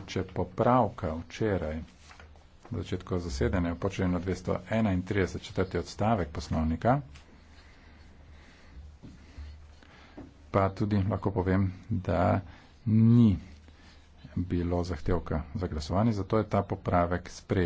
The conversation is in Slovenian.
tiče popravka včeraj, v začetku zasedanja, počeljeno 231. četrti odstavek poslovnika, pa tudi lahko povem, da ni bilo zahtevka za glasovanje, zato je ta popravek sprejet.